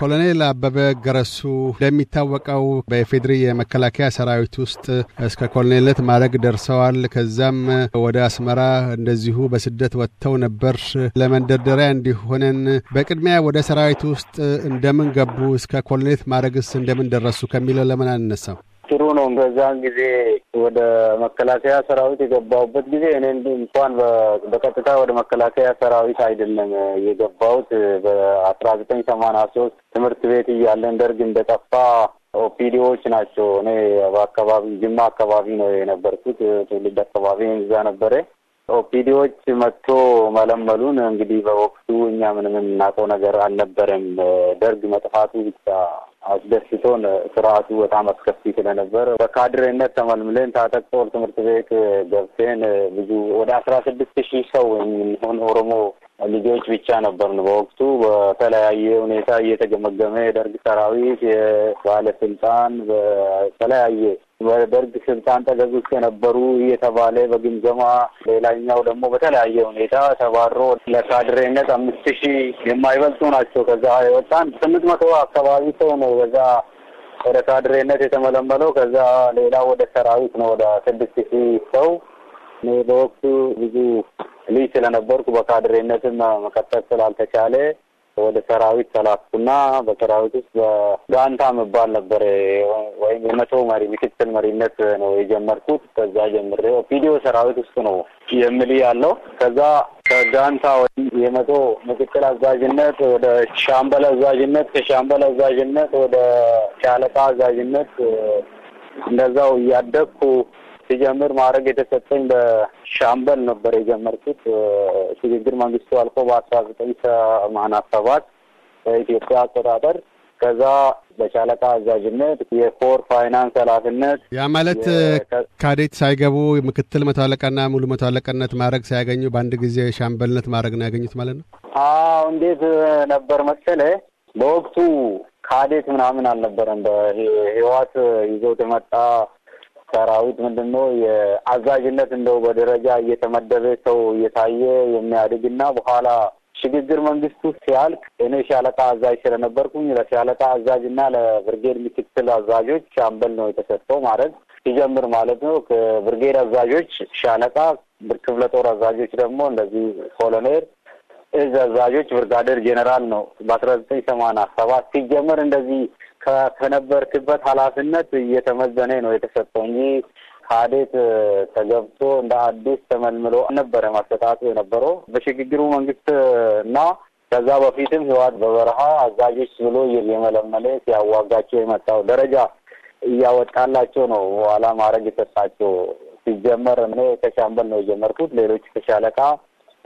ኮሎኔል አበበ ገረሱ እንደሚታወቀው በኢፌድሪ የመከላከያ ሰራዊት ውስጥ እስከ ኮሎኔልነት ማድረግ ደርሰዋል። ከዛም ወደ አስመራ እንደዚሁ በስደት ወጥተው ነበር። ለመንደርደሪያ እንዲሆነን በቅድሚያ ወደ ሰራዊት ውስጥ እንደምን ገቡ፣ እስከ ኮሎኔልነት ማድረግስ እንደምን ደረሱ ከሚለው ለምን አንነሳም? ጥሩ ነው። በዛን ጊዜ ወደ መከላከያ ሰራዊት የገባሁበት ጊዜ እኔ እንኳን በቀጥታ ወደ መከላከያ ሰራዊት አይደለም የገባሁት በአስራ ዘጠኝ ሰማንያ ሶስት ትምህርት ቤት እያለን ደርግ እንደጠፋ ኦፒዲዎች ናቸው። እኔ በአካባቢ ጅማ አካባቢ ነው የነበርኩት። ትውልድ አካባቢ እዛ ነበረ። ኦፒዲዎች መጥቶ መለመሉን። እንግዲህ በወቅቱ እኛ ምንም የምናውቀው ነገር አልነበረም። ደርግ መጥፋቱ ብቻ አስደስቶን ስርዓቱ በጣም አስከፊ ስለነበር በካድሬነት ተመልምለን ታጠቅ ጦር ትምህርት ቤት ገብቴን ብዙ ወደ አስራ ስድስት ሺህ ሰው የሚሆን ኦሮሞ ልጆች ብቻ ነበርን። በወቅቱ በተለያየ ሁኔታ እየተገመገመ የደርግ ሰራዊት፣ የባለስልጣን በተለያየ በደርግ ስልጣን ጠገብ ውስጥ የነበሩ እየተባለ በግምገማ ሌላኛው ደግሞ በተለያየ ሁኔታ ተባሮ ለካድሬነት አምስት ሺህ የማይበልጡ ናቸው። ከዛ የወጣን ስምንት መቶ አካባቢ ሰው ነው በዛ ወደ ካድሬነት የተመለመለው። ከዛ ሌላ ወደ ሰራዊት ነው ወደ ስድስት ሺህ ሰው። እኔ በወቅቱ ብዙ ልጅ ስለነበርኩ በካድሬነትም መቀጠል ስላልተቻለ ወደ ሰራዊት ተላኩና በሰራዊት ውስጥ በጋንታ መባል ነበር ወይም የመቶ መሪ ምክትል መሪነት ነው የጀመርኩት። ከዛ ጀምሬ ፒዲዮ ሰራዊት ውስጥ ነው የምል ያለው ከዛ ከጋንታ ወይም የመቶ ምክትል አዛዥነት ወደ ሻምበል አዛዥነት፣ ከሻምበል አዛዥነት ወደ ሻለቃ አዛዥነት እንደዛው እያደግኩ ሲጀምር ማድረግ የተሰጠኝ በሻምበል ነበር የጀመርኩት። ሽግግር መንግስቱ አልፎ በአስራ ዘጠኝ ሰማንያ ሰባት በኢትዮጵያ አቆጣጠር ከዛ በሻለቃ አዛዥነት የኮር ፋይናንስ ኃላፊነት ያ ማለት ካዴት ሳይገቡ ምክትል መቶ አለቃና ሙሉ መቶ አለቃነት ማድረግ ሳያገኙ በአንድ ጊዜ ሻምበልነት ማድረግ ነው ያገኙት ማለት ነው። አዎ እንዴት ነበር መሰለ በወቅቱ ካዴት ምናምን አልነበረም። በህይወት ይዘውት የመጣ ሰራዊት ምንድነው የአዛዥነት እንደው በደረጃ እየተመደበ ሰው እየታየ የሚያድግ የሚያድግና በኋላ ሽግግር መንግስቱ ሲያልቅ እኔ ሻለቃ አዛዥ ስለነበርኩኝ ለሻለቃ አዛዥ እና ለብርጌድ ምክትል አዛዦች ሻምበል ነው የተሰጠው ማለት ሲጀምር ማለት ነው። ከብርጌድ አዛዦች ሻለቃ፣ ክፍለ ጦር አዛዦች ደግሞ እንደዚህ ኮሎኔል፣ እዝ አዛዦች ብርጋዴር ጄኔራል ነው በአስራ ዘጠኝ ሰማንያ ሰባት ሲጀምር እንደዚህ ከነበርክበት ኃላፊነት እየተመዘነ ነው የተሰጠው እንጂ ካዴት ተገብቶ እንደ አዲስ ተመልምሎ ነበረ ማሰጣጡ የነበረው በሽግግሩ መንግስት እና ከዛ በፊትም ህወሓት በበረሃ አዛዦች ብሎ እየመለመለ ሲያዋጋቸው የመጣው ደረጃ እያወጣላቸው ነው። በኋላ ማድረግ የሰጣቸው ሲጀመር እኔ ከሻምበል ነው የጀመርኩት። ሌሎች ከሻለቃ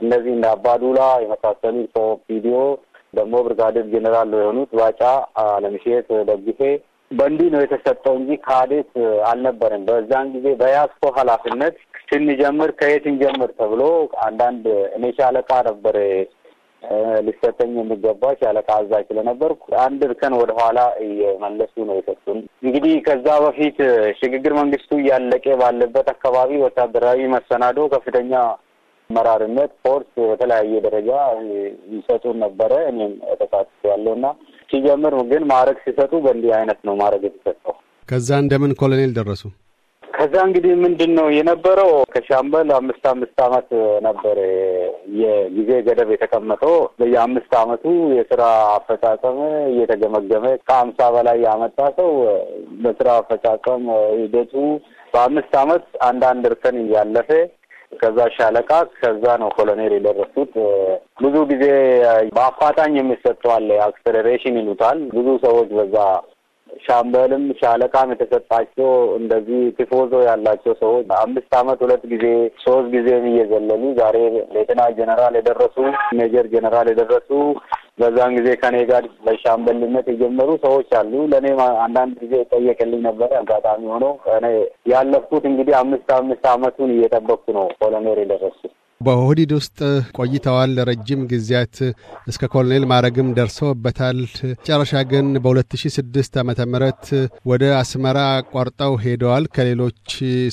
እነዚህ እንደ አባዱላ የመሳሰሉ ሶ ቪዲዮ ደግሞ ብርጋዴር ጄኔራል የሆኑት ባጫ አለምሼት ደግፌ በእንዲህ ነው የተሰጠው እንጂ ካዴት አልነበረም። በዛን ጊዜ በያስኮ ኃላፊነት ስንጀምር ከየት እንጀምር ተብሎ አንዳንድ እኔ ሻለቃ ነበር ሊሰጠኝ የሚገባ ሻለቃ አዛዥ ስለነበርኩ አንድ እርከን ወደኋላ እየመለሱ ነው የሰጡን። እንግዲህ ከዛ በፊት ሽግግር መንግስቱ እያለቀ ባለበት አካባቢ ወታደራዊ መሰናዶ ከፍተኛ አመራርነት ፎርስ በተለያየ ደረጃ ይሰጡ ነበረ። እኔም ያለው እና ሲጀምር ግን ማዕረግ ሲሰጡ በእንዲህ አይነት ነው ማዕረግ የተሰጠው። ከዛ እንደምን ኮሎኔል ደረሱ? ከዛ እንግዲህ ምንድን ነው የነበረው ከሻምበል አምስት አምስት አመት ነበር የጊዜ ገደብ የተቀመጠው። በየአምስት አመቱ የስራ አፈጻጸም እየተገመገመ ከአምሳ በላይ ያመጣ ሰው በስራ አፈጻጸም ሂደቱ በአምስት አመት አንዳንድ እርከን እያለፈ ከዛ ሻለቃ፣ ከዛ ነው ኮሎኔል የደረሱት። ብዙ ጊዜ በአፋጣኝ የሚሰጠዋል አክስለሬሽን ይሉታል። ብዙ ሰዎች በዛ ሻምበልም ሻለቃም የተሰጣቸው እንደዚህ ቲፎዞ ያላቸው ሰዎች አምስት አመት ሁለት ጊዜ ሶስት ጊዜም እየዘለሉ ዛሬ ሌተና ጀነራል የደረሱ ሜጀር ጀነራል የደረሱ በዛን ጊዜ ከኔ ጋር በሻምበልነት የጀመሩ ሰዎች አሉ። ለእኔ አንዳንድ ጊዜ ጠየቅልኝ ነበረ። አጋጣሚ ሆኖ እኔ ያለፍኩት እንግዲህ አምስት አምስት አመቱን እየጠበቅኩ ነው ኮሎኔል የደረሱት በኦህዲድ ውስጥ ቆይተዋል ለረጅም ጊዜያት እስከ ኮሎኔል ማዕረግም ደርሰውበታል። መጨረሻ ግን በ2006 ዓ ም ወደ አስመራ አቋርጠው ሄደዋል ከሌሎች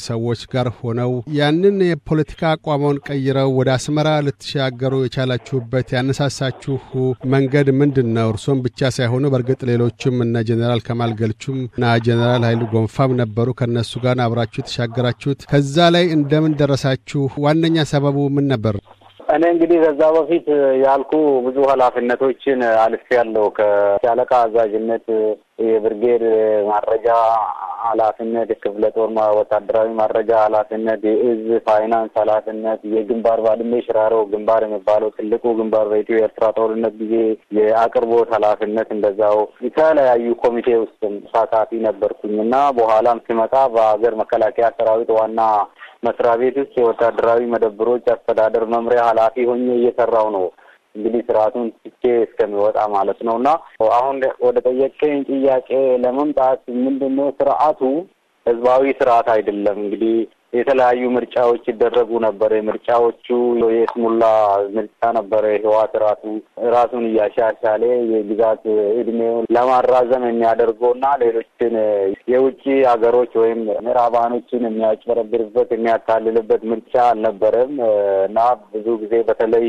ሰዎች ጋር ሆነው። ያንን የፖለቲካ አቋሞን ቀይረው ወደ አስመራ ልትሻገሩ የቻላችሁበት ያነሳሳችሁ መንገድ ምንድን ነው? እርሶም ብቻ ሳይሆኑ በእርግጥ ሌሎችም እነ ጀኔራል ከማል ገልቹም እና ጀኔራል ኃይሉ ጎንፋም ነበሩ። ከነሱ ጋር አብራችሁ የተሻገራችሁት ከዛ ላይ እንደምን ደረሳችሁ? ዋነኛ ሰበቡ ምን ነበር? እኔ እንግዲህ ከዛ በፊት ያልኩ ብዙ ኃላፊነቶችን ያለው ከሻለቃ አዛዥነት፣ የብርጌድ ማረጃ ኃላፊነት፣ የክፍለ ጦር ወታደራዊ ማረጃ ኃላፊነት፣ የእዝ ፋይናንስ ኃላፊነት፣ የግንባር ባድሜ ሽራሮ ግንባር የሚባለው ትልቁ ግንባር በኢትዮ ኤርትራ ጦርነት ጊዜ የአቅርቦት ኃላፊነት እንደዛው የተለያዩ ኮሚቴ ውስጥም ተሳታፊ ነበርኩኝ እና በኋላም ሲመጣ በሀገር መከላከያ ሰራዊት ዋና መስሪያ ቤት ውስጥ የወታደራዊ መደብሮች አስተዳደር መምሪያ ኃላፊ ሆኜ እየሰራው ነው። እንግዲህ ስርዓቱን ትቼ እስከሚወጣ ማለት ነው። እና አሁን ወደ ጠየቀኝ ጥያቄ ለመምጣት ምንድነው ስርዓቱ ህዝባዊ ስርዓት አይደለም። እንግዲህ የተለያዩ ምርጫዎች ይደረጉ ነበር። ምርጫዎቹ የስሙላ ምርጫ ነበረ። ህዋት ራሱ ራሱን እያሻሻለ የግዛት እድሜውን ለማራዘም የሚያደርገውና ሌሎችን የውጭ ሀገሮች ወይም ምዕራባኖችን የሚያጭበረብርበት የሚያታልልበት ምርጫ አልነበረም እና ብዙ ጊዜ በተለይ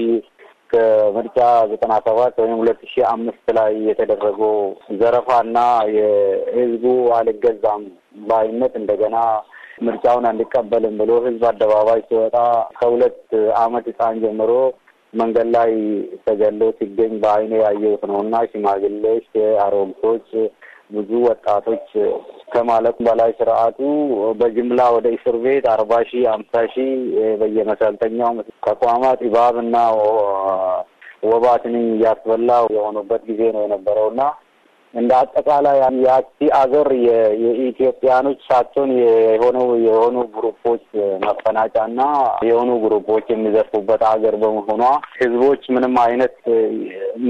ከምርጫ ዘጠና ሰባት ወይም ሁለት ሺህ አምስት ላይ የተደረገው ዘረፋና የህዝቡ አልገዛም ባይነት እንደገና ምርጫውን አንቀበልም ብሎ ህዝብ አደባባይ ሲወጣ ከሁለት አመት ህፃን ጀምሮ መንገድ ላይ ተገሎ ሲገኝ በአይኔ ያየሁት ነው እና ሽማግሌዎች፣ አሮጊቶች፣ ብዙ ወጣቶች ከማለቁ በላይ ስርዓቱ በጅምላ ወደ እስር ቤት አርባ ሺህ አምሳ ሺህ በየመሰልጠኛው ተቋማት እባብ እና ወባትን እያስበላ የሆኑበት ጊዜ ነው የነበረው እና እንደ አጠቃላይ የአቲ አገር የኢትዮጵያኖች ሳቸውን የሆኑ የሆኑ ግሩፖች መፈናጫና የሆኑ ግሩፖች የሚዘርፉበት አገር በመሆኗ ህዝቦች ምንም አይነት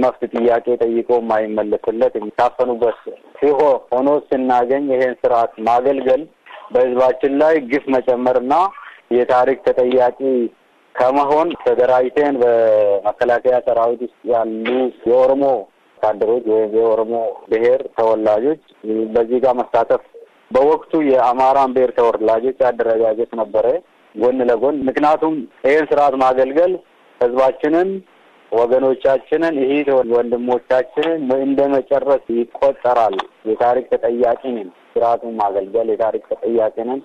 መፍት ጥያቄ ጠይቆ የማይመለስለት የሚታፈኑበት ሲሆ ሆኖ ስናገኝ ይሄን ስርዓት ማገልገል በህዝባችን ላይ ግፍ መጨመርና የታሪክ ተጠያቂ ከመሆን ተደራጅተን በመከላከያ ሰራዊት ውስጥ ያሉ የኦሮሞ ወታደሮች ወይም የኦሮሞ ብሔር ተወላጆች በዚህ ጋር መሳተፍ በወቅቱ የአማራን ብሔር ተወላጆች አደረጃጀት ነበረ ጎን ለጎን ምክንያቱም ይህን ስርዓት ማገልገል ህዝባችንን ወገኖቻችንን ይህ ወንድሞቻችንን እንደ መጨረስ ይቆጠራል። የታሪክ ተጠያቂ ነን። ስርዓቱን ማገልገል የታሪክ ተጠያቂ ነን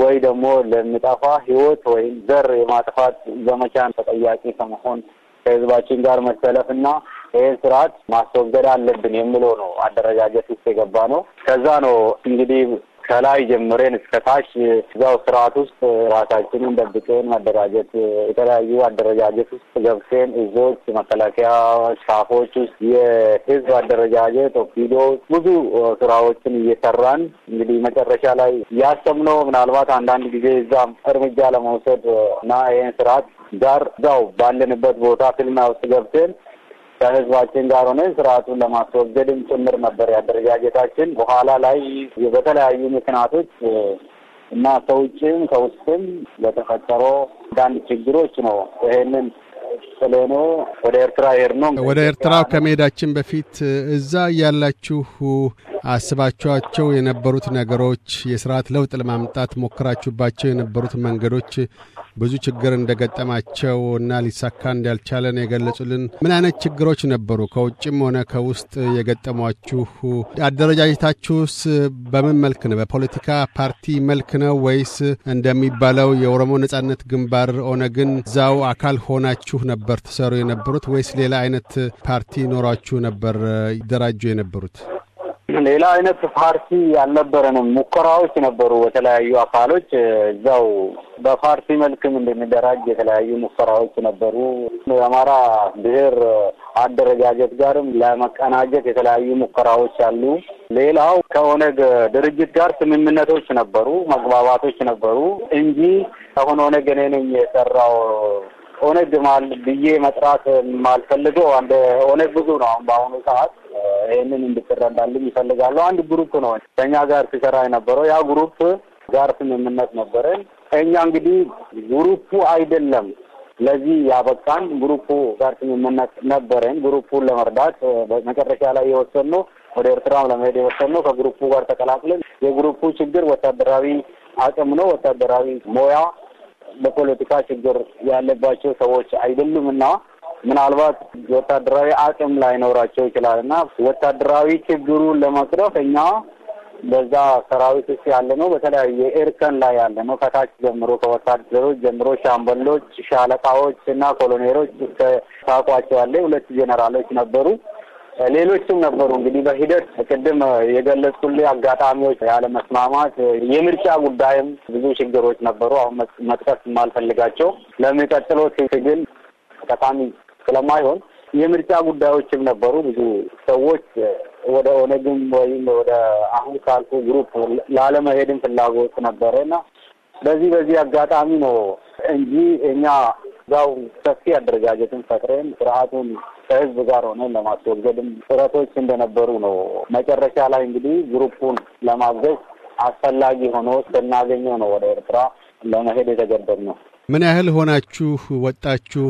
ወይ ደግሞ ለሚጠፋ ህይወት ወይም ዘር የማጥፋት ዘመቻን ተጠያቂ ከመሆን ከህዝባችን ጋር መሰለፍና ይህን ስርዓት ማስወገድ አለብን የምለው ነው አደረጃጀት ውስጥ የገባ ነው። ከዛ ነው እንግዲህ ከላይ ጀምሬን እስከ ታች እዛው ስርዓት ውስጥ ራሳችንን ደብቀን መደራጀት የተለያዩ አደረጃጀት ውስጥ ገብሴን እዞች፣ መከላከያ፣ ሻፎች ውስጥ የህዝብ አደረጃጀት ኦፊዶ ብዙ ስራዎችን እየሰራን እንግዲህ መጨረሻ ላይ ያሰብነው ምናልባት አንዳንድ ጊዜ እዛም እርምጃ ለመውሰድ እና ይህን ስርዓት ጋር እዛው ባለንበት ቦታ ፊልም ውስጥ ገብተን ከህዝባችን ጋር ሆነን ስርዓቱን ለማስወገድም ጭምር ነበር ያደረጃጀታችን። በኋላ ላይ በተለያዩ ምክንያቶች እና ከውጭም ከውስጥም ለተፈጠሮ አንዳንድ ችግሮች ነው ይሄንን ስለሆነ ወደ ኤርትራ ሄድ ነው። ወደ ኤርትራ ከመሄዳችን በፊት እዛ ያላችሁ አስባችኋቸው የነበሩት ነገሮች የስርዓት ለውጥ ለማምጣት ሞክራችሁባቸው የነበሩት መንገዶች ብዙ ችግር እንደገጠማቸው እና ሊሳካ እንዳልቻለን የገለጹልን ምን አይነት ችግሮች ነበሩ? ከውጭም ሆነ ከውስጥ የገጠሟችሁ አደረጃጀታችሁስ በምን መልክ ነው? በፖለቲካ ፓርቲ መልክ ነው ወይስ እንደሚባለው የኦሮሞ ነጻነት ግንባር ኦነግን እዛው አካል ሆናችሁ ነበር? ነበር ትሰሩ የነበሩት ወይስ ሌላ አይነት ፓርቲ ኖሯችሁ ነበር ደራጁ የነበሩት? ሌላ አይነት ፓርቲ አልነበረንም። ሙከራዎች ነበሩ በተለያዩ አካሎች እዛው በፓርቲ መልክም እንደሚደራጅ የተለያዩ ሙከራዎች ነበሩ። የአማራ ብሔር አደረጃጀት ጋርም ለመቀናጀት የተለያዩ ሙከራዎች አሉ። ሌላው ከኦነግ ድርጅት ጋር ስምምነቶች ነበሩ፣ መግባባቶች ነበሩ እንጂ አሁን ኦነግ እኔ ነኝ የሰራው ኦነግ ማል ብዬ መጥራት የማልፈልገው አንድ ኦነግ ብዙ ነው። አሁን በአሁኑ ሰዓት ይህንን እንድትረዳልኝ ይፈልጋለሁ። አንድ ግሩፕ ነው ከእኛ ጋር ሲሰራ የነበረው። ያ ግሩፕ ጋር ስምምነት ነበረን። እኛ እንግዲህ ግሩፑ አይደለም ለዚህ ያበቃን ግሩፑ ጋር ስምምነት ነበረን። ግሩፑን ለመርዳት መጨረሻ ላይ የወሰኑ ወደ ኤርትራም ለመሄድ የወሰኑ ከግሩፑ ጋር ተቀላቅለን የግሩፑ ችግር ወታደራዊ አቅም ነው፣ ወታደራዊ ሞያ በፖለቲካ ችግር ያለባቸው ሰዎች አይደሉም እና ምናልባት ወታደራዊ አቅም ላይኖራቸው ይችላል እና ወታደራዊ ችግሩን ለመቅረፍ እኛ በዛ ሰራዊት ውስጥ ያለ ነው። በተለያየ እርከን ላይ ያለ ነው። ከታች ጀምሮ ከወታደሮች ጀምሮ ሻምበሎች፣ ሻለቃዎች እና ኮሎኔሎች ታውቋቸዋለህ። ሁለት ጀነራሎች ነበሩ። ሌሎችም ነበሩ። እንግዲህ በሂደት ቅድም የገለጽኩልህ አጋጣሚዎች፣ ያለመስማማት፣ የምርጫ ጉዳይም ብዙ ችግሮች ነበሩ። አሁን መጥቀስ የማልፈልጋቸው ለሚቀጥሎት ትግል ጠቃሚ ስለማይሆን የምርጫ ጉዳዮችም ነበሩ። ብዙ ሰዎች ወደ ኦነግም ወይም ወደ አሁን ካልኩ ግሩፕ ላለመሄድም ፍላጎት ነበረ እና በዚህ በዚህ አጋጣሚ ነው እንጂ እኛ እዛው ሰፊ አደረጃጀትን ፈጥረን ስርዓቱን ከህዝብ ጋር ሆነን ለማስወገድም ጥረቶች እንደነበሩ ነው። መጨረሻ ላይ እንግዲህ ግሩፑን ለማገዝ አስፈላጊ ሆኖ ስናገኘው ነው ወደ ኤርትራ ለመሄድ የተገደድ ነው። ምን ያህል ሆናችሁ ወጣችሁ?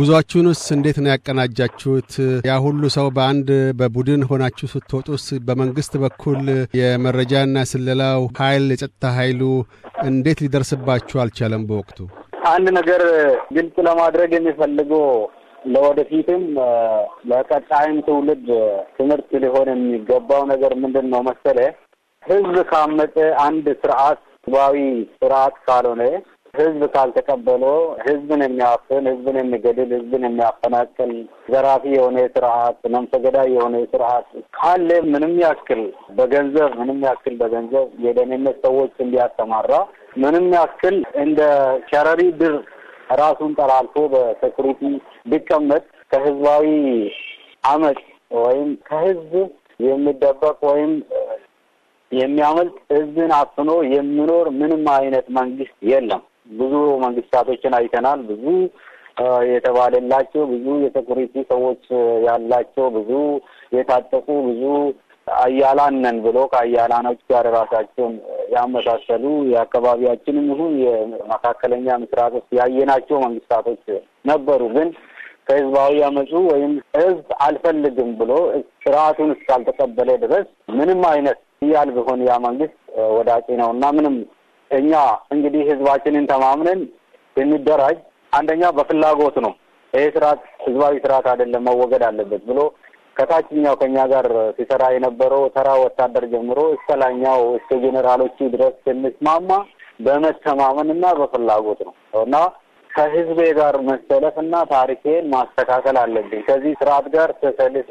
ጉዟችሁንስ እንዴት ነው ያቀናጃችሁት? ያ ሁሉ ሰው በአንድ በቡድን ሆናችሁ ስትወጡስ በመንግስት በኩል የመረጃና ስለላው ኃይል የጸጥታ ኃይሉ እንዴት ሊደርስባችሁ አልቻለም? በወቅቱ አንድ ነገር ግልጽ ለማድረግ የሚፈልገው ለወደፊትም ለቀጣይም ትውልድ ትምህርት ሊሆን የሚገባው ነገር ምንድን ነው መሰለ፣ ህዝብ ካመጠ አንድ ስርዓት ህዝባዊ ስርዓት ካልሆነ ህዝብ ካልተቀበለ ህዝብን የሚያፍን ህዝብን የሚገድል ህዝብን የሚያፈናቅል ዘራፊ የሆነ ስርዓት ነፍሰ የሆነ ስርዓት ካለ ምንም ያክል በገንዘብ ምንም ያክል በገንዘብ የደህንነት ሰዎች እንዲያሰማራ ምንም ያክል እንደ ሸረሪ ድር ራሱን ጠላልፎ በሴኩሪቲ ቢቀመጥ ከህዝባዊ አመፅ ወይም ከህዝብ የሚደበቅ ወይም የሚያመልጥ ህዝብን አፍኖ የሚኖር ምንም አይነት መንግስት የለም። ብዙ መንግስታቶችን አይተናል። ብዙ የተባለላቸው ብዙ የሴኩሪቲ ሰዎች ያላቸው ብዙ የታጠቁ ብዙ አያላን ነን ብሎ ከአያላኖች ጋር ራሳቸውን ያመሳሰሉ የአካባቢያችንም ይሁን የመካከለኛ ምስራቅ ውስጥ ያየናቸው መንግስታቶች ነበሩ። ግን ከህዝባዊ አመፁ ወይም ህዝብ አልፈልግም ብሎ ስርዓቱን እስካልተቀበለ ድረስ ምንም አይነት እያል ቢሆን ያ መንግስት ወዳቂ ነው እና ምንም እኛ እንግዲህ ህዝባችንን ተማምነን የሚደራጅ አንደኛ በፍላጎት ነው። ይህ ስርዓት ህዝባዊ ስርዓት አይደለም መወገድ አለበት ብሎ ከታችኛው ከኛ ጋር ሲሰራ የነበረው ተራ ወታደር ጀምሮ እስከ ላይኛው እስከ ጄኔራሎቹ ድረስ የሚስማማ በመተማመን እና በፍላጎት ነው እና ከህዝቤ ጋር መሰለፍ እና ታሪኬን ማስተካከል አለብኝ ከዚህ ስርዓት ጋር ተሰልፌ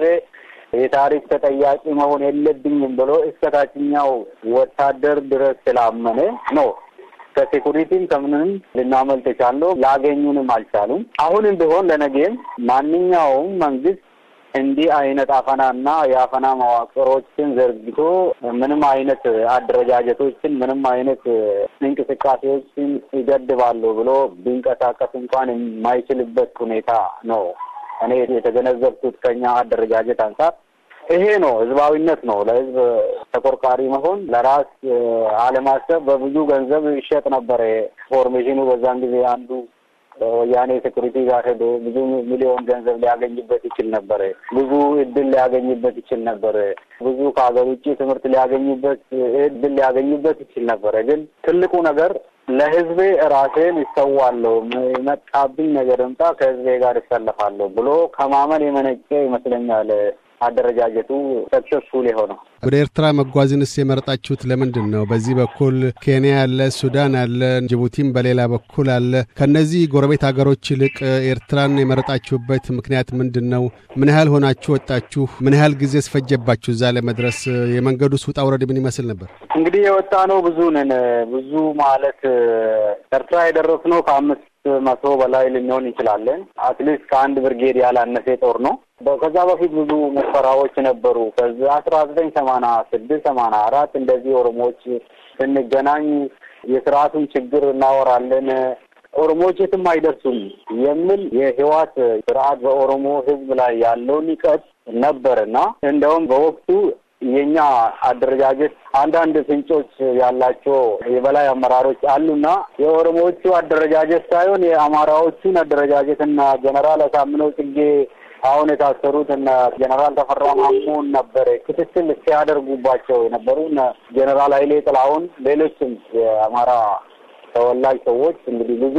የታሪክ ተጠያቂ መሆን የለብኝም ብሎ እስከ ታችኛው ወታደር ድረስ ስላመነ ነው። ከሴኩሪቲም ከምንም ልናመልጥ ቻለው። ላገኙንም አልቻሉም። አሁንም ቢሆን ለነገም ማንኛውም መንግስት እንዲህ አይነት አፈናና የአፈና መዋቅሮችን ዘርግቶ ምንም አይነት አደረጃጀቶችን ምንም አይነት እንቅስቃሴዎችን ይገድባሉ ብሎ ቢንቀሳቀስ እንኳን የማይችልበት ሁኔታ ነው። እኔ የተገነዘብኩት ከኛ አደረጃጀት አንጻር ይሄ ነው። ህዝባዊነት ነው። ለህዝብ ተቆርቋሪ መሆን፣ ለራስ አለማሰብ። በብዙ ገንዘብ ይሸጥ ነበረ ፎርሜሽኑ በዛን ጊዜ አንዱ ወያኔ ሴኩሪቲ ጋር ሄዶ ብዙ ሚሊዮን ገንዘብ ሊያገኝበት ይችል ነበረ። ብዙ እድል ሊያገኝበት ይችል ነበረ። ብዙ ከሀገር ውጭ ትምህርት ሊያገኝበት እድል ሊያገኝበት ይችል ነበረ። ግን ትልቁ ነገር ለህዝቤ ራሴን ይሰዋለሁ፣ መጣብኝ ነገር እምጣ ከህዝቤ ጋር ይሰለፋለሁ ብሎ ከማመን የመነጨ ይመስለኛል። አደረጃጀቱ ሰክሰስፉል የሆነው። ወደ ኤርትራ መጓዝንስ የመረጣችሁት ለምንድን ነው? በዚህ በኩል ኬንያ አለ፣ ሱዳን አለ፣ ጅቡቲም በሌላ በኩል አለ። ከእነዚህ ጎረቤት ሀገሮች ይልቅ ኤርትራን የመረጣችሁበት ምክንያት ምንድን ነው? ምን ያህል ሆናችሁ ወጣችሁ? ምን ያህል ጊዜ ስፈጀባችሁ እዛ ለመድረስ? የመንገዱስ ውጣ ውረድ ምን ይመስል ነበር? እንግዲህ የወጣ ነው ብዙ ነን። ብዙ ማለት ኤርትራ የደረስነው ከአምስት መቶ በላይ ልንሆን እንችላለን። አትሊስት ከአንድ ብርጌድ ያላነሰ ጦር ነው ከዛ በፊት ብዙ ሙከራዎች ነበሩ። ከዚ አስራ ዘጠኝ ሰማንያ ስድስት ሰማንያ አራት እንደዚህ ኦሮሞዎች ስንገናኝ የስርዓቱን ችግር እናወራለን፣ ኦሮሞዎች የትም አይደርሱም የሚል የህዋት ስርዓት በኦሮሞ ህዝብ ላይ ያለውን ንቀት ነበርና እንደውም በወቅቱ የኛ አደረጃጀት አንዳንድ ፍንጮች ያላቸው የበላይ አመራሮች አሉና የኦሮሞዎቹ አደረጃጀት ሳይሆን የአማራዎቹን አደረጃጀትና ጀነራል አሳምነው ጽጌ አሁን የታሰሩት እነ ጀኔራል ተፈራ ማሙን ነበረ ክትትል ሲያደርጉባቸው የነበሩ ጀኔራል ኃይሌ ጥላሁን፣ ሌሎችም የአማራ ተወላጅ ሰዎች እንግዲህ ብዙ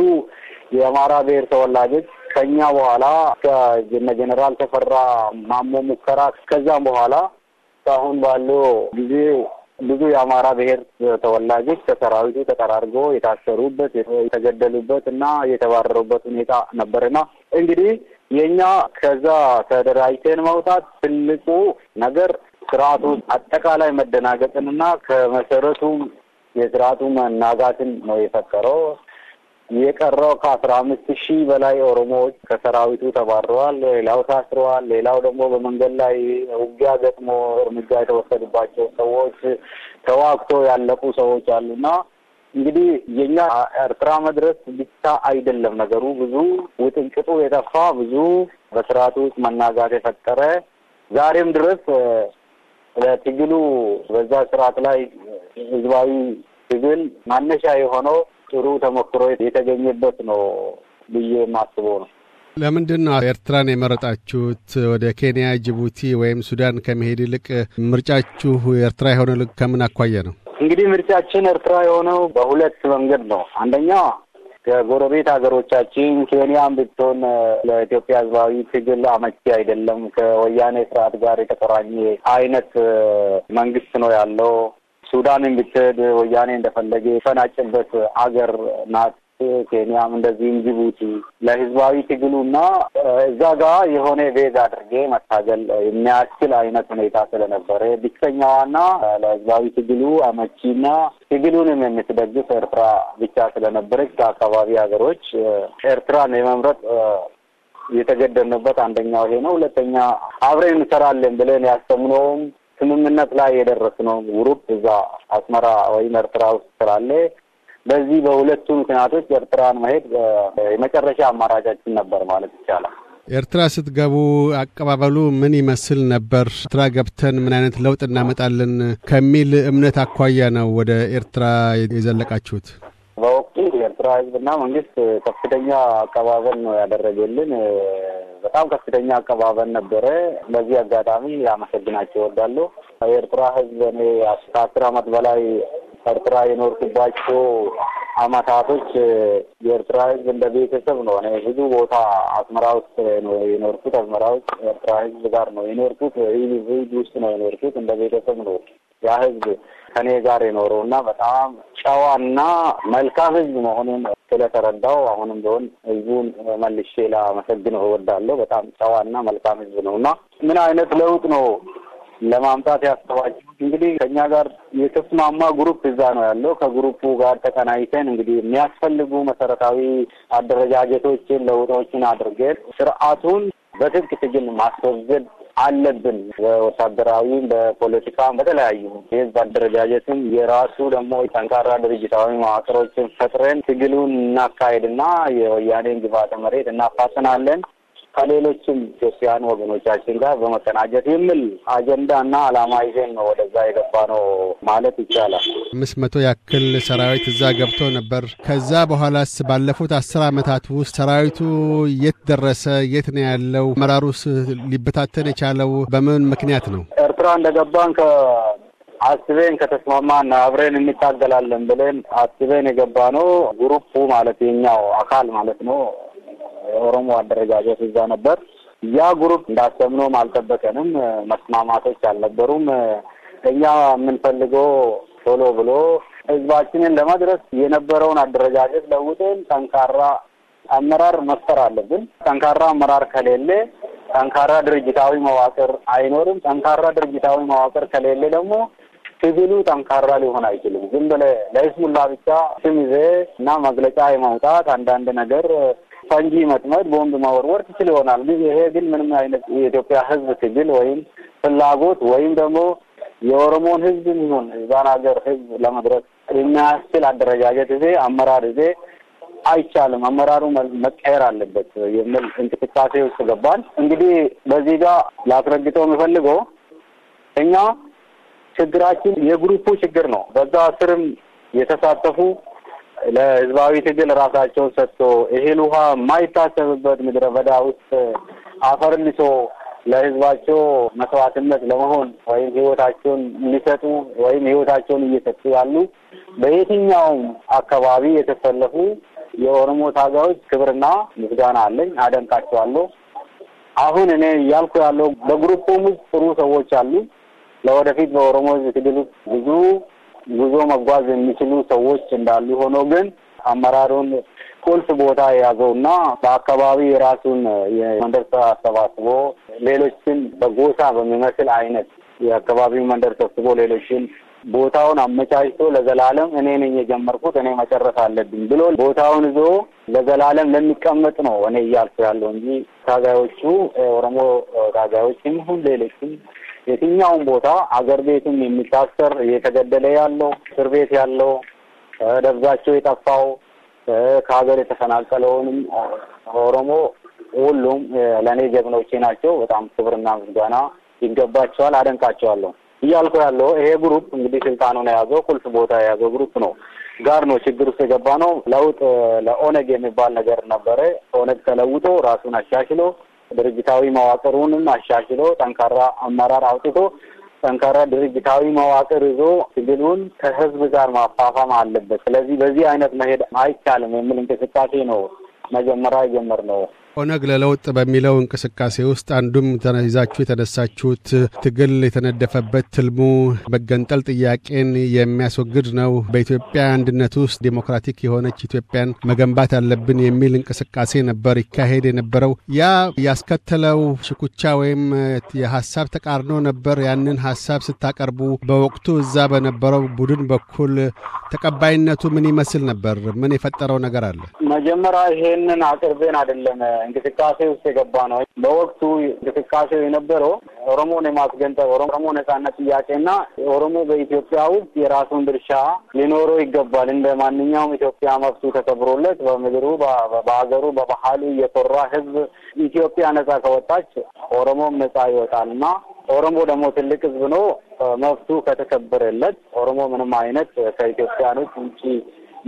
የአማራ ብሔር ተወላጆች ከኛ በኋላ ከነ ጀኔራል ተፈራ ማሞ ሙከራ ከዛም በኋላ እስካሁን ባለው ጊዜ ብዙ የአማራ ብሔር ተወላጆች ከሰራዊቱ ተጠራርጎ የታሰሩበት የተገደሉበት እና የተባረሩበት ሁኔታ ነበርና እንግዲህ የእኛ ከዛ ተደራጅተን መውጣት ትልቁ ነገር ስርዓቱ አጠቃላይ መደናገጥንና ከመሰረቱም የስርዓቱ መናጋትን ነው የፈጠረው። የቀረው ከአስራ አምስት ሺህ በላይ ኦሮሞዎች ከሰራዊቱ ተባረዋል። ሌላው ታስረዋል። ሌላው ደግሞ በመንገድ ላይ ውጊያ ገጥሞ እርምጃ የተወሰዱባቸው ሰዎች ተዋግቶ ያለቁ ሰዎች አሉና እንግዲህ የኛ ኤርትራ መድረስ ብቻ አይደለም ነገሩ። ብዙ ውጥንቅጡ የጠፋ ብዙ በስርዓቱ ውስጥ መናጋት የፈጠረ ዛሬም ድረስ ለትግሉ በዛ ስርዓት ላይ ህዝባዊ ትግል ማነሻ የሆነው ጥሩ ተሞክሮ የተገኘበት ነው ብዬ የማስበው ነው። ለምንድን ነው ኤርትራን የመረጣችሁት? ወደ ኬንያ፣ ጅቡቲ ወይም ሱዳን ከመሄድ ይልቅ ምርጫችሁ ኤርትራ የሆነ ከምን አኳየ ነው? እንግዲህ ምርጫችን ኤርትራ የሆነው በሁለት መንገድ ነው። አንደኛው ከጎረቤት ሀገሮቻችን ኬንያም ብትሆን ለኢትዮጵያ ሕዝባዊ ትግል አመቺ አይደለም። ከወያኔ ስርዓት ጋር የተቆራኘ አይነት መንግስት ነው ያለው። ሱዳንን ብትሄድ ወያኔ እንደፈለገ የፈናጭበት አገር ናት። ኬንያም እንደዚህም ጅቡቲ ለህዝባዊ ትግሉና እዛ ጋር የሆነ ቤዝ አድርጌ መታገል የሚያስችል አይነት ሁኔታ ስለነበረ ብቸኛዋና ለህዝባዊ ትግሉ አመቺና ትግሉንም የምትደግፍ ኤርትራ ብቻ ስለነበረች ከአካባቢ ሀገሮች ኤርትራን የመምረጥ የተገደድንበት አንደኛው ይሄ ነው። ሁለተኛ አብረን እንሰራለን ብለን ያሰምነውም ስምምነት ላይ የደረስነው ውሩፕ እዛ አስመራ ወይም ኤርትራ ውስጥ ስላለ በዚህ በሁለቱ ምክንያቶች ኤርትራን መሄድ የመጨረሻ አማራጫችን ነበር ማለት ይቻላል። ኤርትራ ስትገቡ አቀባበሉ ምን ይመስል ነበር? ኤርትራ ገብተን ምን አይነት ለውጥ እናመጣለን ከሚል እምነት አኳያ ነው ወደ ኤርትራ የዘለቃችሁት? የኤርትራ ህዝብና መንግስት ከፍተኛ አቀባበል ነው ያደረገልን። በጣም ከፍተኛ አቀባበል ነበረ። በዚህ አጋጣሚ ያመሰግናቸው እወዳለሁ። የኤርትራ ህዝብ እኔ ከአስር አመት በላይ ኤርትራ የኖርኩባቸው አመታቶች የኤርትራ ህዝብ እንደ ቤተሰብ ነው። እኔ ብዙ ቦታ አስመራ ውስጥ ነው የኖርኩት። አስመራ ውስጥ ኤርትራ ህዝብ ጋር ነው የኖርኩት። ውስጥ ነው የኖርኩት። እንደ ቤተሰብ ነው ያ ህዝብ ከኔ ጋር የኖረው እና በጣም ጨዋና መልካም ህዝብ መሆኑን ስለተረዳው አሁንም ቢሆን ህዝቡን መልሼ ላመሰግነው እወዳለሁ። በጣም ጨዋና መልካም ህዝብ ነው እና ምን አይነት ለውጥ ነው ለማምጣት ያስባችሁ? እንግዲህ ከኛ ጋር የተስማማ ግሩፕ እዛ ነው ያለው። ከግሩፑ ጋር ተቀናይተን እንግዲህ የሚያስፈልጉ መሰረታዊ አደረጃጀቶችን ለውጦችን አድርገን ስርዓቱን በትጥቅ ትግል ማስወገድ አለብን። በወታደራዊም፣ በፖለቲካም፣ በተለያዩ የህዝብ አደረጃጀትም የራሱ ደግሞ ጠንካራ ድርጅታዊ መዋቅሮችን ፈጥረን ትግሉን እናካሄድና የወያኔን ግብዓተ መሬት እናፋጥናለን። ከሌሎችም ኢትዮጵያን ወገኖቻችን ጋር በመቀናጀት የሚል አጀንዳና አላማ ይዘን ነው ወደዛ የገባ ነው ማለት ይቻላል። አምስት መቶ ያክል ሰራዊት እዛ ገብቶ ነበር። ከዛ በኋላስ ባለፉት አስር አመታት ውስጥ ሰራዊቱ የት ደረሰ? የት ነው ያለው? መራሩስ ሊበታተን የቻለው በምን ምክንያት ነው? ኤርትራ እንደገባን ከ አስቤን ከተስማማን አብረን እንታገላለን ብለን አስቤን የገባ ነው። ግሩፑ ማለት የኛው አካል ማለት ነው የኦሮሞ አደረጃጀት እዛ ነበር። ያ ግሩፕ እንዳሰብነውም አልጠበቀንም። መስማማቶች አልነበሩም። እኛ የምንፈልገው ቶሎ ብሎ ህዝባችንን ለመድረስ የነበረውን አደረጃጀት ለውጠን ጠንካራ አመራር መፍጠር አለብን። ጠንካራ አመራር ከሌለ ጠንካራ ድርጅታዊ መዋቅር አይኖርም። ጠንካራ ድርጅታዊ መዋቅር ከሌለ ደግሞ ሲቪሉ ጠንካራ ሊሆን አይችልም። ዝም ብለህ ለይስሙላ ብቻ ስም ይዘህ እና መግለጫ የማውጣት አንዳንድ ነገር ፈንጂ መጥመድ፣ ቦምብ መወርወር ትችል ይሆናል። ግን ይሄ ግን ምንም አይነት የኢትዮጵያ ህዝብ ትግል ወይም ፍላጎት ወይም ደግሞ የኦሮሞን ህዝብ ይሁን ህዝባን ሀገር ህዝብ ለመድረስ የሚያስችል አደረጃጀት እዜ አመራር እዜ አይቻልም። አመራሩ መቀየር አለበት የሚል እንቅስቃሴ ውስጥ ገባል። እንግዲህ በዚህ ጋር ላስረግጠው የምፈልገው እኛ ችግራችን የግሩፑ ችግር ነው። በዛ ስርም የተሳተፉ ለህዝባዊ ትግል ራሳቸውን ሰጥቶ ይሄን ውሃ የማይታሰብበት ምድረ በዳ ውስጥ አፈር ልሶ ለህዝባቸው መስዋዕትነት ለመሆን ወይም ህይወታቸውን የሚሰጡ ወይም ህይወታቸውን እየሰጡ ያሉ በየትኛውም አካባቢ የተሰለፉ የኦሮሞ ታጋዮች ክብርና ምስጋና አለኝ፣ አደንቃቸዋለሁ። አሁን እኔ እያልኩ ያለው በግሩፕም ውስጥ ጥሩ ሰዎች አሉ። ለወደፊት በኦሮሞ ህዝብ ትግል ውስጥ ብዙ ጉዞ መጓዝ የሚችሉ ሰዎች እንዳሉ ሆኖ ግን አመራሩን ቁልፍ ቦታ የያዘው የያዘውና በአካባቢ የራሱን የመንደር ሰው አሰባስቦ ሌሎችን በጎሳ በሚመስል አይነት የአካባቢው መንደር ሰብስቦ ሌሎችን ቦታውን አመቻችቶ ለዘላለም እኔ ነኝ የጀመርኩት እኔ መጨረስ አለብኝ ብሎ ቦታውን ይዞ ለዘላለም ለሚቀመጥ ነው እኔ እያልኩ ያለው እንጂ ታጋዮቹ ኦሮሞ ታጋዮችም ይሁን ሌሎችም የትኛውም ቦታ አገር ቤትም የሚታሰር እየተገደለ ያለው እስር ቤት ያለው ደብዛቸው የጠፋው ከሀገር የተፈናቀለውንም ኦሮሞ ሁሉም ለእኔ ጀግኖቼ ናቸው። በጣም ክብርና ምስጋና ይገባቸዋል። አደንቃቸዋለሁ እያልኩ ያለው ይሄ ግሩፕ እንግዲህ ስልጣኑን የያዘው ቁልፍ ቦታ የያዘው ግሩፕ ነው ጋር ነው ችግር ውስጥ የገባ ነው። ለውጥ ለኦነግ የሚባል ነገር ነበረ። ኦነግ ተለውጦ ራሱን አሻሽሎ ድርጅታዊ መዋቅሩንም አሻሽሎ ጠንካራ አመራር አውጥቶ ጠንካራ ድርጅታዊ መዋቅር ይዞ ትግሉን ከህዝብ ጋር ማፋፋም አለበት። ስለዚህ በዚህ አይነት መሄድ አይቻልም የሚል እንቅስቃሴ ነው መጀመሪያ የጀመርነው። ኦነግ ለለውጥ በሚለው እንቅስቃሴ ውስጥ አንዱም ይዛችሁ የተነሳችሁት ትግል የተነደፈበት ትልሙ መገንጠል ጥያቄን የሚያስወግድ ነው። በኢትዮጵያ አንድነት ውስጥ ዴሞክራቲክ የሆነች ኢትዮጵያን መገንባት አለብን የሚል እንቅስቃሴ ነበር ይካሄድ የነበረው። ያ ያስከተለው ሽኩቻ ወይም የሀሳብ ተቃርኖ ነበር። ያንን ሀሳብ ስታቀርቡ በወቅቱ እዛ በነበረው ቡድን በኩል ተቀባይነቱ ምን ይመስል ነበር? ምን የፈጠረው ነገር አለ? መጀመሪያ ይሄንን አቅርቤን አይደለም እንቅስቃሴ ውስጥ የገባ ነው። በወቅቱ እንቅስቃሴው የነበረው ኦሮሞን የማስገንጠል ኦሮሞ ነጻነት ጥያቄና ኦሮሞ በኢትዮጵያ ውስጥ የራሱን ድርሻ ሊኖረው ይገባል እንደ ማንኛውም ኢትዮጵያ መብቱ ተከብሮለት በምድሩ በሀገሩ በባህሉ እየኮራ ህዝብ ኢትዮጵያ ነጻ ከወጣች ኦሮሞም ነጻ ይወጣልና ኦሮሞ ደግሞ ትልቅ ህዝብ ነው። መብቱ ከተከበረለት ኦሮሞ ምንም አይነት ከኢትዮጵያኖች ውጭ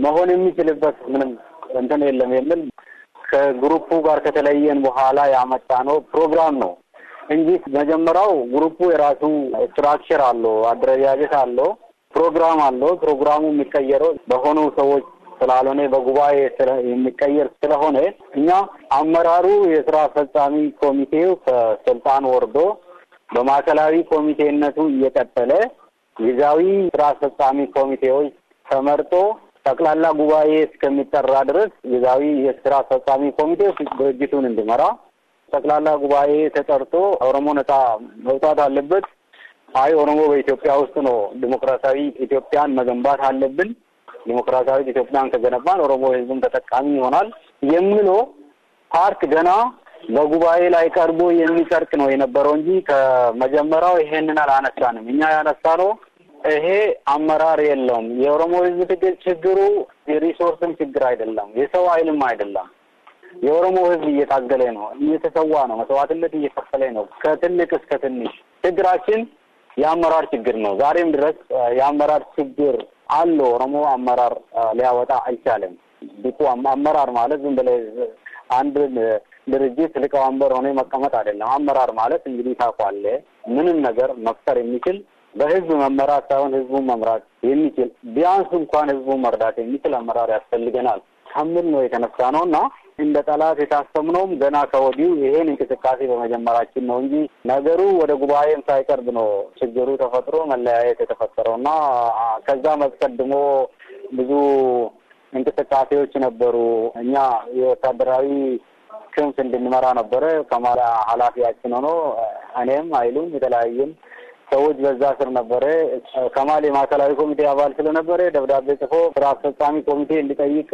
መሆን የሚችልበት ምንም እንትን የለም የሚል ከግሩፑ ጋር ከተለየን በኋላ ያመጣ ነው ፕሮግራም ነው እንጂ መጀመሪያው ግሩፑ የራሱ ስትራክቸር አለው፣ አደረጃጀት አለው፣ ፕሮግራም አለው። ፕሮግራሙ የሚቀየረው በሆኑ ሰዎች ስላልሆነ በጉባኤ የሚቀየር ስለሆነ እኛ አመራሩ የስራ አስፈጻሚ ኮሚቴው ከስልጣን ወርዶ በማዕከላዊ ኮሚቴነቱ እየቀጠለ ጊዜያዊ ስራ አስፈጻሚ ኮሚቴዎች ተመርጦ ጠቅላላ ጉባኤ እስከሚጠራ ድረስ የዛዊ የስራ አስፈጻሚ ኮሚቴ ድርጅቱን እንዲመራ ጠቅላላ ጉባኤ ተጠርቶ ኦሮሞ ነጻ መውጣት አለበት። አይ ኦሮሞ በኢትዮጵያ ውስጥ ነው፣ ዲሞክራሲያዊ ኢትዮጵያን መገንባት አለብን። ዲሞክራሲያዊ ኢትዮጵያን ከገነባን ኦሮሞ ህዝብም ተጠቃሚ ይሆናል የሚለው ፓርክ ገና በጉባኤ ላይ ቀርቦ የሚጸድቅ ነው የነበረው እንጂ ከመጀመሪያው ይሄንን አላነሳንም። እኛ ያነሳ ነው ይሄ አመራር የለውም። የኦሮሞ ህዝብ ትግል ችግሩ የሪሶርስም ችግር አይደለም፣ የሰው ኃይልም አይደለም። የኦሮሞ ህዝብ እየታገለ ነው፣ እየተሰዋ ነው፣ መስዋዕትነት እየከፈለ ነው። ከትልቅ እስከ ትንሽ ችግራችን የአመራር ችግር ነው። ዛሬም ድረስ የአመራር ችግር አለ። ኦሮሞ አመራር ሊያወጣ አይቻልም። ብቁ አመራር ማለት ዝም ብለህ አንድ ድርጅት ሊቀመንበር ሆነ መቀመጥ አይደለም። አመራር ማለት እንግዲህ ታውቋለህ፣ ምንም ነገር መፍጠር የሚችል በህዝብ መመራት ሳይሆን ህዝቡን መምራት የሚችል ቢያንስ እንኳን ህዝቡን መርዳት የሚችል አመራር ያስፈልገናል ከሚል ነው የተነሳ ነው እና እንደ ጠላት የታሰብነውም ገና ከወዲሁ ይሄን እንቅስቃሴ በመጀመራችን ነው እንጂ ነገሩ ወደ ጉባኤም ሳይቀርብ ነው ችግሩ ተፈጥሮ መለያየት የተፈጠረው እና ከዛም አስቀድሞ ብዙ እንቅስቃሴዎች ነበሩ። እኛ የወታደራዊ ክንፍ እንድንመራ ነበረ ከማላ ኃላፊያችን ሆኖ እኔም አይሉም የተለያዩም ሰዎች በዛ ስር ነበረ። ከማል የማዕከላዊ ኮሚቴ አባል ስለነበረ ደብዳቤ ጽፎ ስራ አስፈጻሚ ኮሚቴ እንዲጠይቅ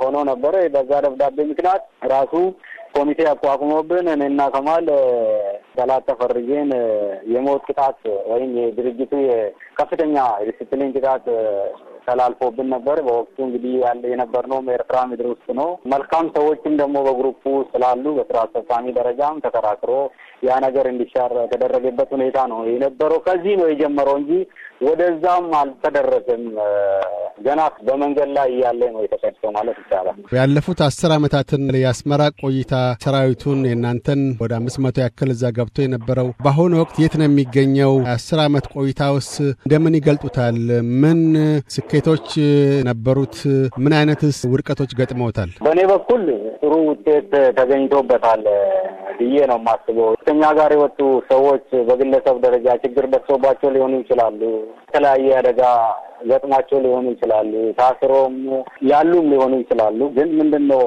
ሆኖ ነበረ። በዛ ደብዳቤ ምክንያት ራሱ ኮሚቴ አቋቁሞብን እኔና ከማል ጠላት ተፈርጄን የሞት ቅጣት ወይም የድርጅቱ የከፍተኛ ዲስፕሊን ቅጣት ተላልፎብን ነበር። በወቅቱ እንግዲህ ያለ ነው ኤርትራ ምድር ውስጥ ነው። መልካም ሰዎችም ደግሞ በግሩፑ ስላሉ በስራ አስፈጻሚ ደረጃም ተከራክሮ ያ ነገር እንዲሻር የተደረገበት ሁኔታ ነው የነበረው። ከዚህ ነው የጀመረው እንጂ ወደዛም አልተደረሰም። ገና በመንገድ ላይ እያለ ነው የተቀደሰው ማለት ይቻላል። ያለፉት አስር ዓመታትን የአስመራ ቆይታ ሰራዊቱን የእናንተን ወደ አምስት መቶ ያክል እዛ ገብቶ የነበረው በአሁኑ ወቅት የት ነው የሚገኘው? አስር ዓመት ቆይታ ውስ እንደምን ይገልጡታል? ምን ስኬቶች ነበሩት? ምን አይነትስ ውድቀቶች ገጥመውታል? በእኔ በኩል ጥሩ ውጤት ተገኝቶበታል ብዬ ነው የማስበው። ከኛ ጋር የወጡ ሰዎች በግለሰብ ደረጃ ችግር ደርሶባቸው ሊሆኑ ይችላሉ የተለያየ አደጋ ገጥሟቸው ሊሆኑ ይችላሉ። ታስሮም ያሉም ሊሆኑ ይችላሉ። ግን ምንድን ነው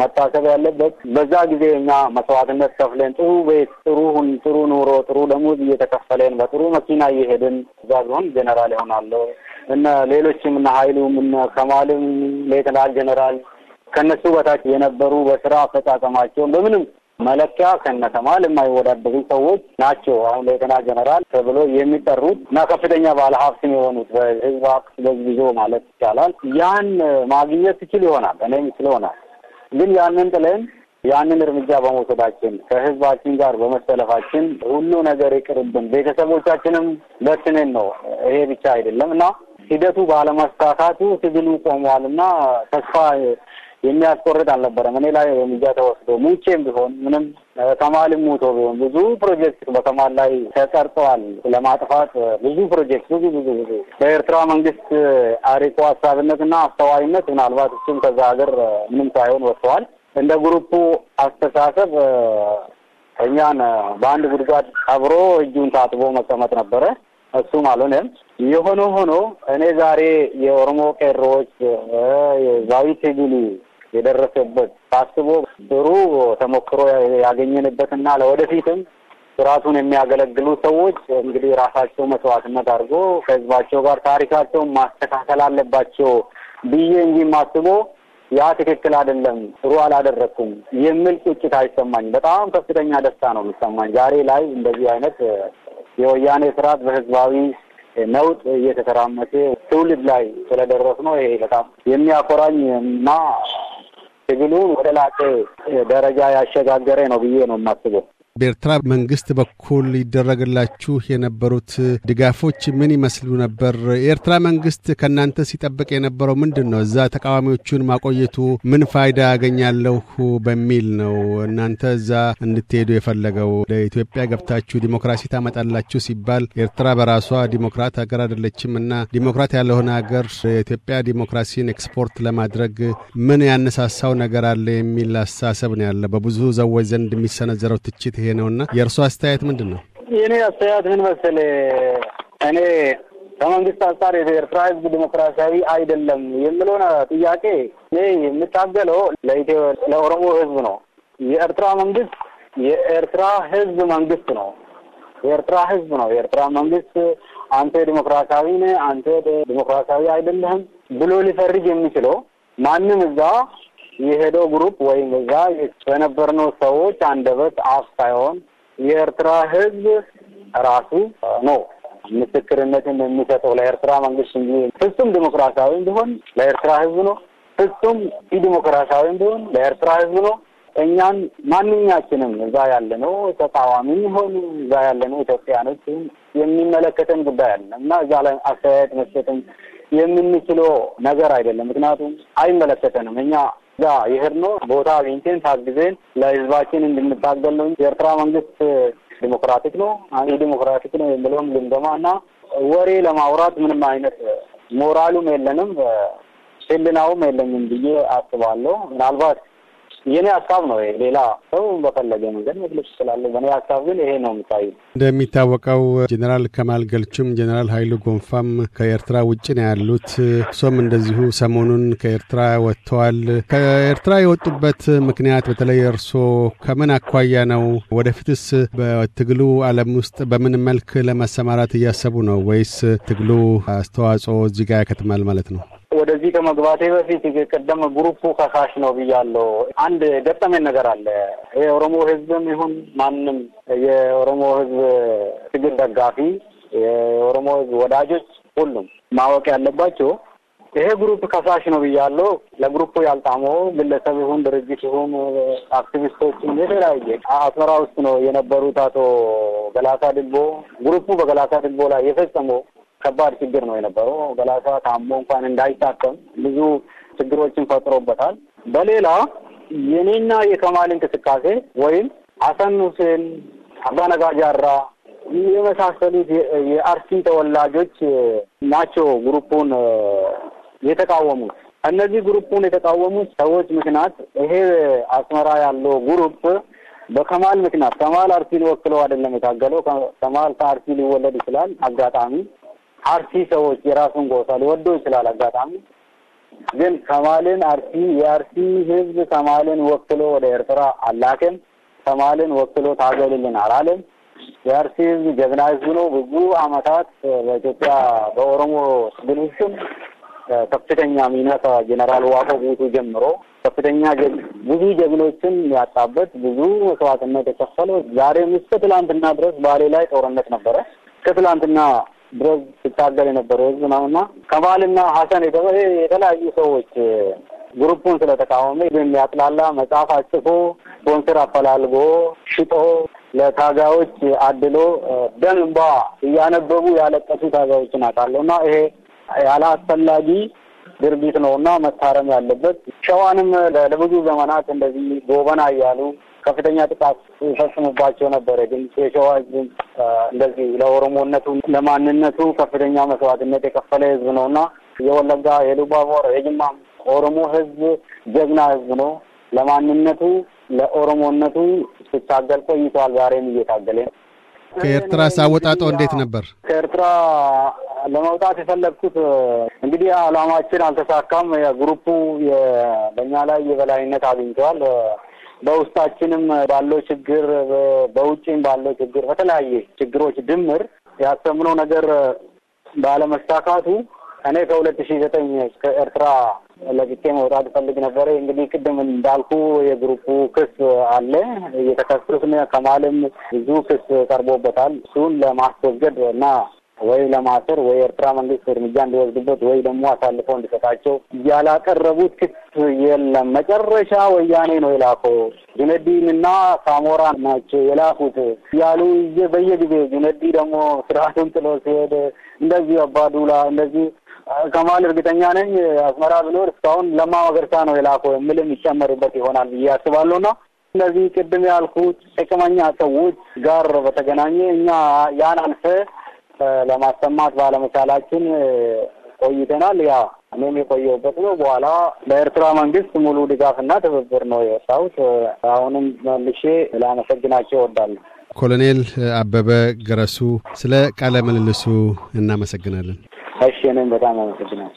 መታሰብ ያለበት በዛ ጊዜ እኛ መስዋዕትነት ከፍለን ጥሩ ቤት፣ ጥሩ ሁን፣ ጥሩ ኑሮ፣ ጥሩ ደሞዝ እየተከፈለን በጥሩ መኪና እየሄድን እዛ ቢሆን ጀነራል ይሆናለሁ እነ ሌሎችም እነ ሀይሉም እነ ከማልም ሌተናል ጀነራል ከእነሱ በታች የነበሩ በስራ አፈጻጸማቸውን በምንም መለኪያ ከነከማል የማይወዳደሩ ሰዎች ናቸው አሁን ሌተና ጀነራል ተብሎ የሚጠሩት እና ከፍተኛ ባለሀብትም የሆኑት በህዝብ ሀብት በዚህ ይዞ ማለት ይቻላል። ያን ማግኘት ትችል ይሆናል እኔም ስለሆናል ግን ያንን ጥለን ያንን እርምጃ በመውሰዳችን ከህዝባችን ጋር በመሰለፋችን ሁሉ ነገር ይቅርብን፣ ቤተሰቦቻችንም በትንን ነው። ይሄ ብቻ አይደለም እና ሂደቱ ባለመሳካቱ ትግሉ ቆሟል እና ተስፋ የሚያስቆርጥ አልነበረም። እኔ ላይ እርምጃ ተወስዶ ሙቼም ቢሆን ምንም ከማል ሙቶ ቢሆን ብዙ ፕሮጀክት በከማል ላይ ተቀርጠዋል። ለማጥፋት ብዙ ፕሮጀክት ብዙ ብዙ ብዙ በኤርትራ መንግስት አሪቆ ሀሳብነትና አስተዋይነት ምናልባት እሱም ከዛ ሀገር ምንም ሳይሆን ወጥተዋል። እንደ ግሩፑ አስተሳሰብ እኛን በአንድ ጉድጓድ አብሮ እጁን ታጥቦ መቀመጥ ነበረ። እሱም አልሆነም። የሆነ ሆኖ እኔ ዛሬ የኦሮሞ ቄሮዎች ዛዊት ትግሉ የደረሰበት ታስቦ ጥሩ ተሞክሮ ያገኘንበትና ለወደፊትም ስራቱን የሚያገለግሉ ሰዎች እንግዲህ ራሳቸው መስዋዕትነት አድርጎ ከህዝባቸው ጋር ታሪካቸውን ማስተካከል አለባቸው ብዬ እንጂ ማስቦ ያ ትክክል አይደለም፣ ጥሩ አላደረግኩም የሚል ቁጭት አይሰማኝም። በጣም ከፍተኛ ደስታ ነው የሚሰማኝ ዛሬ ላይ እንደዚህ አይነት የወያኔ ስርዓት በህዝባዊ ነውጥ እየተተራመሰ ትውልድ ላይ ስለደረስ ነው። ይሄ በጣም የሚያኮራኝ እና ሲቪሉን ወደ ላቀ ደረጃ ያሸጋገረ ነው ብዬ ነው የማስበው። በኤርትራ መንግስት በኩል ይደረግላችሁ የነበሩት ድጋፎች ምን ይመስሉ ነበር? የኤርትራ መንግስት ከእናንተ ሲጠብቅ የነበረው ምንድን ነው? እዛ ተቃዋሚዎቹን ማቆየቱ ምን ፋይዳ አገኛለሁ በሚል ነው እናንተ እዛ እንድትሄዱ የፈለገው? ለኢትዮጵያ ገብታችሁ ዲሞክራሲ ታመጣላችሁ ሲባል ኤርትራ በራሷ ዲሞክራት ሀገር አይደለችም እና ዲሞክራት ያልሆነ ሀገር የኢትዮጵያ ዲሞክራሲን ኤክስፖርት ለማድረግ ምን ያነሳሳው ነገር አለ የሚል አስተሳሰብ ነው ያለ በብዙ ሰዎች ዘንድ የሚሰነዘረው ትችት ይሄ ነውና የእርስዎ አስተያየት ምንድን ነው? የኔ አስተያየት ምን መሰለ፣ እኔ ከመንግስት አንጻር የኤርትራ ህዝብ ዲሞክራሲያዊ አይደለም የምለሆነ ጥያቄ እኔ የምታገለው ለኢትዮ ለኦሮሞ ህዝብ ነው። የኤርትራ መንግስት የኤርትራ ህዝብ መንግስት ነው። የኤርትራ ህዝብ ነው። የኤርትራ መንግስት አንተ ዲሞክራሲያዊ ነህ፣ አንተ ዲሞክራሲያዊ አይደለህም ብሎ ሊፈርጅ የሚችለው ማንም እዛ የሄደው ግሩፕ ወይም እዛ በነበርነው ሰዎች አንደበት አፍ ሳይሆን የኤርትራ ህዝብ ራሱ ነው ምስክርነትን የሚሰጠው ለኤርትራ መንግስት እንጂ ፍጹም ዲሞክራሲያዊ እንዲሆን ለኤርትራ ህዝብ ነው። ፍጹም ኢዲሞክራሲያዊ እንዲሆን ለኤርትራ ህዝብ ነው። እኛን ማንኛችንም እዛ ያለነው ተቃዋሚ ሆኑ እዛ ያለነው ኢትዮጵያኖች የሚመለከተን ጉዳይ አለ እና እዛ ላይ አስተያየት መስጠትም የምንችለው ነገር አይደለም። ምክንያቱም አይመለከተንም እኛ ጋ ነው ቦታ አግኝተን ታግዘን ለህዝባችን እንድንታገል ነው። የኤርትራ መንግስት ዲሞክራቲክ ነው፣ አንቲ ዲሞክራቲክ ነው የምለውም የሚለውም እና ወሬ ለማውራት ምንም አይነት ሞራሉም የለንም ህልናውም የለኝም ብዬ አስባለሁ። ምናልባት የኔ ሀሳብ ነው። ሌላ ሰው በፈለገ መንገድ መግለጽ ይችላለ። በእኔ ሀሳብ ግን ይሄ ነው የሚታዩ። እንደሚታወቀው ጀኔራል ከማል ገልቹም ጀኔራል ሀይሉ ጎንፋም ከኤርትራ ውጭ ነው ያሉት። እሶም እንደዚሁ ሰሞኑን ከኤርትራ ወጥተዋል። ከኤርትራ የወጡበት ምክንያት በተለይ እርሶ ከምን አኳያ ነው? ወደፊትስ በትግሉ ዓለም ውስጥ በምን መልክ ለመሰማራት እያሰቡ ነው? ወይስ ትግሉ አስተዋጽኦ እዚህ ጋ ያከትማል ማለት ነው? ወደዚህ ከመግባቴ በፊት ቀደም ግሩፑ ከሳሽ ነው ብያለሁ። አንድ ገጠመኝ ነገር አለ። የኦሮሞ ህዝብም ይሁን ማንም የኦሮሞ ህዝብ ትግል ደጋፊ፣ የኦሮሞ ህዝብ ወዳጆች ሁሉም ማወቅ ያለባቸው ይሄ ግሩፕ ከሳሽ ነው ብያለሁ። ለግሩፑ ያልጣመው ግለሰብ ይሁን ድርጅት ይሁን አክቲቪስቶችም የተለያየ አስመራ ውስጥ ነው የነበሩት አቶ ገላሳ ድልቦ ግሩፑ በገላሳ ድልቦ ላይ የፈጸመው ከባድ ችግር ነው የነበረው። በላሳ ታሞ እንኳን እንዳይታከም ብዙ ችግሮችን ፈጥሮበታል። በሌላ የኔና የከማል እንቅስቃሴ ወይም ሀሰን ሁሴን፣ አባነጋ ጃራ የመሳሰሉት የአርሲ ተወላጆች ናቸው ግሩፑን የተቃወሙት። እነዚህ ግሩፑን የተቃወሙት ሰዎች ምክንያት ይሄ አስመራ ያለው ግሩፕ በከማል ምክንያት ከማል አርሲን ወክለው አይደለም የታገለው። ከማል ከአርሲ ሊወለድ ይችላል አጋጣሚ አርሲ ሰዎች የራሱን ጎሳ ሊወደው ይችላል። አጋጣሚ ግን ከማልን አርሲ የአርሲ ህዝብ ከማልን ወክሎ ወደ ኤርትራ አላከም። ከማልን ወክሎ ታገልልን አላለም። የአርሲ ህዝብ ጀግና ህዝብ ነው። ብዙ አመታት በኢትዮጵያ በኦሮሞ ትግል ውስጥም ከፍተኛ ሚና ከጀነራል ዋቆ ጉቱ ጀምሮ ከፍተኛ ብዙ ጀግኖችን ያጣበት ብዙ መስዋዕትነት የከፈለው ዛሬም እስከ ትላንትና ድረስ ባሌ ላይ ጦርነት ነበረ። እስከ ትላንትና ድረግ ሲታገል የነበረ ህዝብ ነው እና ከማልና ሀሰን የተለያዩ ሰዎች ግሩፑን ስለተቃወመ የሚያጥላላ መጽሐፍ አጽፎ ስፖንሰር አፈላልጎ ሽጦ ለታጋዮች አድሎ ደም እንባ እያነበቡ ያለቀሱ ታጋዮችን አውቃለሁ እና ይሄ ያለአስፈላጊ ድርጊት ነው እና መታረም ያለበት ሸዋንም ለብዙ ዘመናት እንደዚህ ጎበና እያሉ ከፍተኛ ጥቃት ይፈጽሙባቸው ነበረ። ግን የሸዋ ድምፅ እንደዚህ ለኦሮሞነቱ ለማንነቱ ከፍተኛ መስዋዕትነት የከፈለ ህዝብ ነው እና የወለጋ የሉባቦር የጅማ ኦሮሞ ህዝብ ጀግና ህዝብ ነው። ለማንነቱ ለኦሮሞነቱ ሲታገል ቆይተዋል። ዛሬም እየታገለ ነው። ከኤርትራ ሳወጣጠው እንዴት ነበር? ከኤርትራ ለመውጣት የፈለግኩት እንግዲህ አላማችን አልተሳካም። የግሩፑ በእኛ ላይ የበላይነት አግኝተዋል። በውስጣችንም ባለው ችግር፣ በውጭም ባለው ችግር፣ በተለያየ ችግሮች ድምር ያሰምነው ነገር ባለመሳካቱ እኔ ከሁለት ሺ ዘጠኝ እስከ ኤርትራ ለቅቄ መውጣት እፈልግ ነበረ። እንግዲህ ቅድም እንዳልኩ የግሩፑ ክስ አለ። እየተከሰስን ከማልም ብዙ ክስ ቀርቦበታል። እሱን ለማስወገድ እና ወይ ለማሰር ወይ ኤርትራ መንግስት እርምጃ እንዲወስድበት ወይ ደግሞ አሳልፈው እንዲሰጣቸው ያላቀረቡት ክስ የለም። መጨረሻ ወያኔ ነው የላከው። ጁነዲን እና ሳሞራ ናቸው የላኩት ያሉ በየጊዜ ጁነዲ ደግሞ ስርዓቱን ጥሎ ሲሄድ እንደዚህ አባዱላ እንደዚህ ከማል እርግጠኛ ነኝ አስመራ ብሎ እስካሁን ለማ መገርሳ ነው የላከው የምልም ይጨመርበት ይሆናል ብዬ ና እነዚህ ቅድም ያልኩት ጥቅመኛ ሰዎች ጋር በተገናኘ እኛ ያን አልፈ ለማሰማት ባለመቻላችን ቆይተናል። ያ እኔም የቆየሁበት ነው። በኋላ ለኤርትራ መንግስት ሙሉ ድጋፍና ትብብር ነው የወጣሁት። አሁንም መልሼ ላመሰግናቸው እወዳለሁ። ኮሎኔል አበበ ገረሱ ስለ ቃለ ምልልሱ እናመሰግናለን። እሺ፣ እኔም በጣም አመሰግናለሁ።